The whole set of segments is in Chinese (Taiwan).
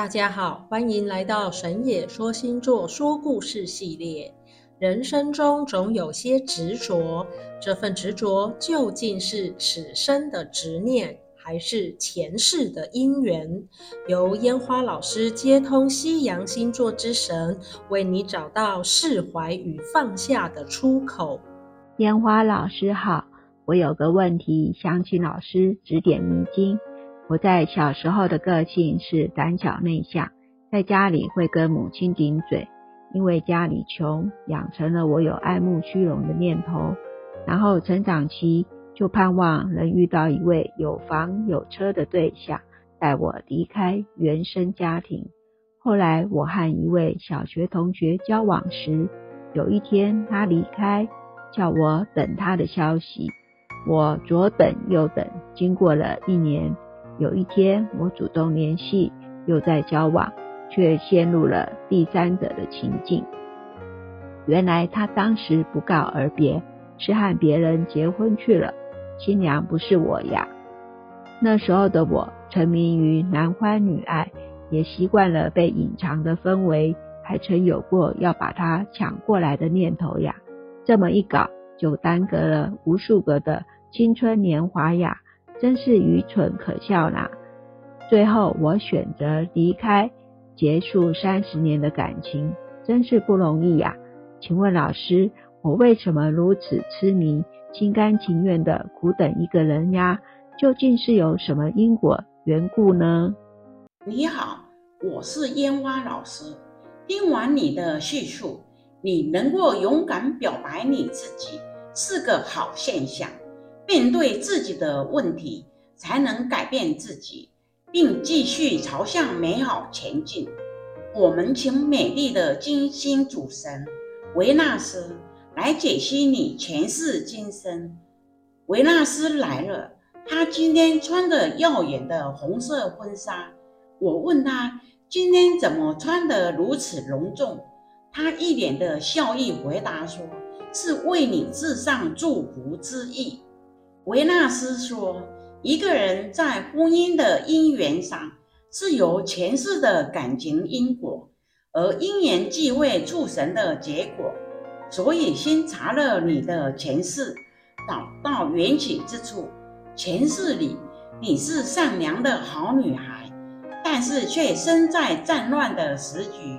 大家好，歡迎來到神野說星座說故事系列。人生中總有些執着，這份執着究竟是此生的執念，還是前世的因緣？由煙花老師接通西洋星座之神，為你找到釋懷與放下的出口。煙花老師好，我有個問題，想請老師指點迷津。我在小時候的個性是膽小內向，在家裡會跟母親頂嘴，因為家裡窮，養成了我有愛慕虛榮的念頭。然後成長期就盼望能遇到一位有房有車的對象帶我離開原生家庭。後來我和一位小學同學交往時，有一天他離開，叫我等他的消息。我左等右等，經過了一年。有一天，我主動聯繫，又在交往，卻陷入了第三者的情境。原來他當時不告而別，是和別人結婚去了，新娘不是我呀。那時候的我，沉迷於男歡女愛，也習慣了被隱藏的氛圍，還曾有過要把他搶過來的念頭呀。這麼一搞，就耽擱了無數個的青春年華呀。真是愚蠢可笑啦。最後我選擇離開，結束三十年的感情，真是不容易呀、啊。請問老師，我為什麼如此癡迷，心甘情願地苦等一個人呀？究竟是有什麼因果緣故呢？你好，我是煙花老師。聽完你的敘述，你能夠勇敢表白你自己，是個好現象。面對自己的問題，才能改變自己，並繼續朝向美好前進。我們請美麗的金星主神維納斯來解析你前世今生。維納斯來了，她今天穿着耀眼的紅色婚紗。我問她今天怎麼穿得如此隆重，她一臉的笑意回答說：“是為你致上祝福之意。”維納斯說：“一個人在婚姻的姻緣上，是由前世的感情因果，而姻緣際會促成的結果，所以先查了你的前世，找到緣起之處。前世裡，你是善良的好女孩，但是卻身在戰亂的時局，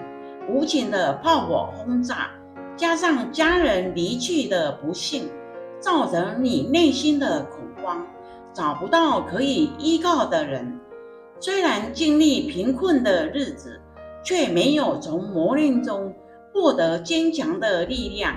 無情的炮火轟炸，加上家人離去的不幸。”造成你內心的恐慌，找不到可以依靠的人。雖然經歷貧困的日子，卻沒有從磨練中獲得堅強的力量，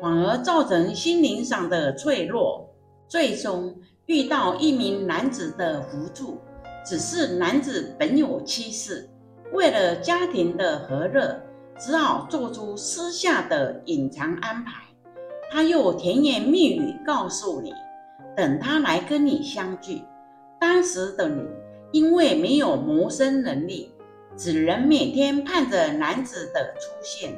反而造成心靈上的脆弱。最終遇到一名男子的扶助，只是男子本有妻室，為了家庭的和樂，只好做出私下的隱藏安排。他又甜言蜜語告訴你，等他來跟你相聚。當時的你因為沒有謀生能力，只能每天盼着男子的出現。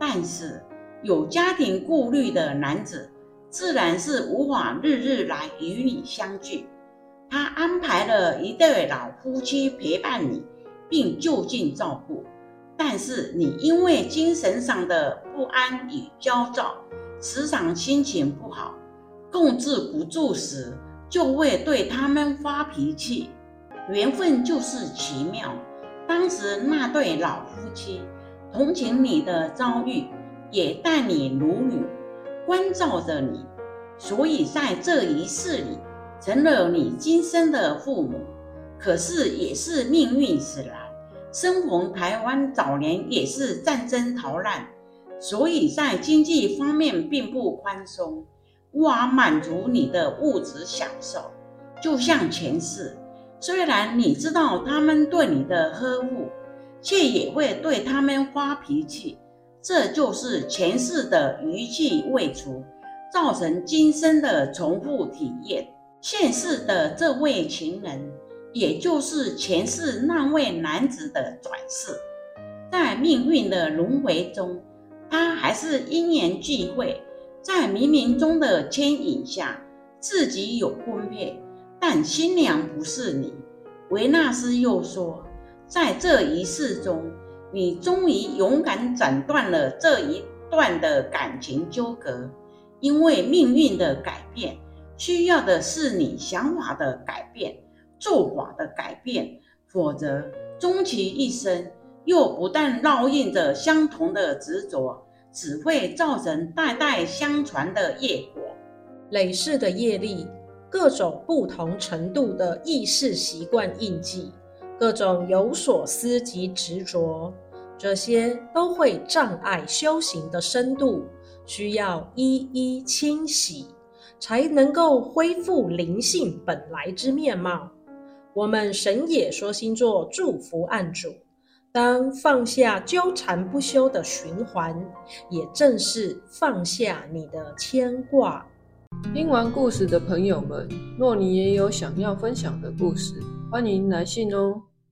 但是有家庭顧慮的男子，自然是無法日日來與你相聚。他安排了一對老夫妻陪伴你，並就近照顧。但是你因為精神上的不安與焦躁，時常心情不好，控制不住時，就會對他們發脾氣。緣分就是奇妙。當時那對老夫妻同情你的遭遇，也待你如女，關照着你，所以在這一世裡成了你今生的父母。可是也是命運使然，身逢台灣早年也是戰爭逃難。所以在經濟方面並不寬鬆，無法滿足你的物質享受。就像前世，雖然你知道他們對你的呵護，卻也會對他們發脾氣。這就是前世的餘氣未除，造成今生的重複體驗。現世的這位情人，也就是前世那位男子的轉世，在命運的輪回中。他還是因緣際會，在冥冥中的牽引下，自己有婚配，但新娘不是你。維納斯又說，在這一世中，你終於勇敢斬斷了這一段的感情糾葛，因為命運的改變，需要的是你想法的改變、做法的改變，否則終其一生。又不但烙印着相同的執着，只會造成代代相傳的業果、累世的業力、各種不同程度的意識習慣印記、各種有所思及執着，這些都會障礙修行的深度，需要一一清洗，才能夠恢復靈性本來之面貌。我們神野說星座祝福案主。當放下糾纏不休的循環，也正是放下你的牽掛。聽完故事的朋友們，若你也有想要分享的故事，歡迎來信哦。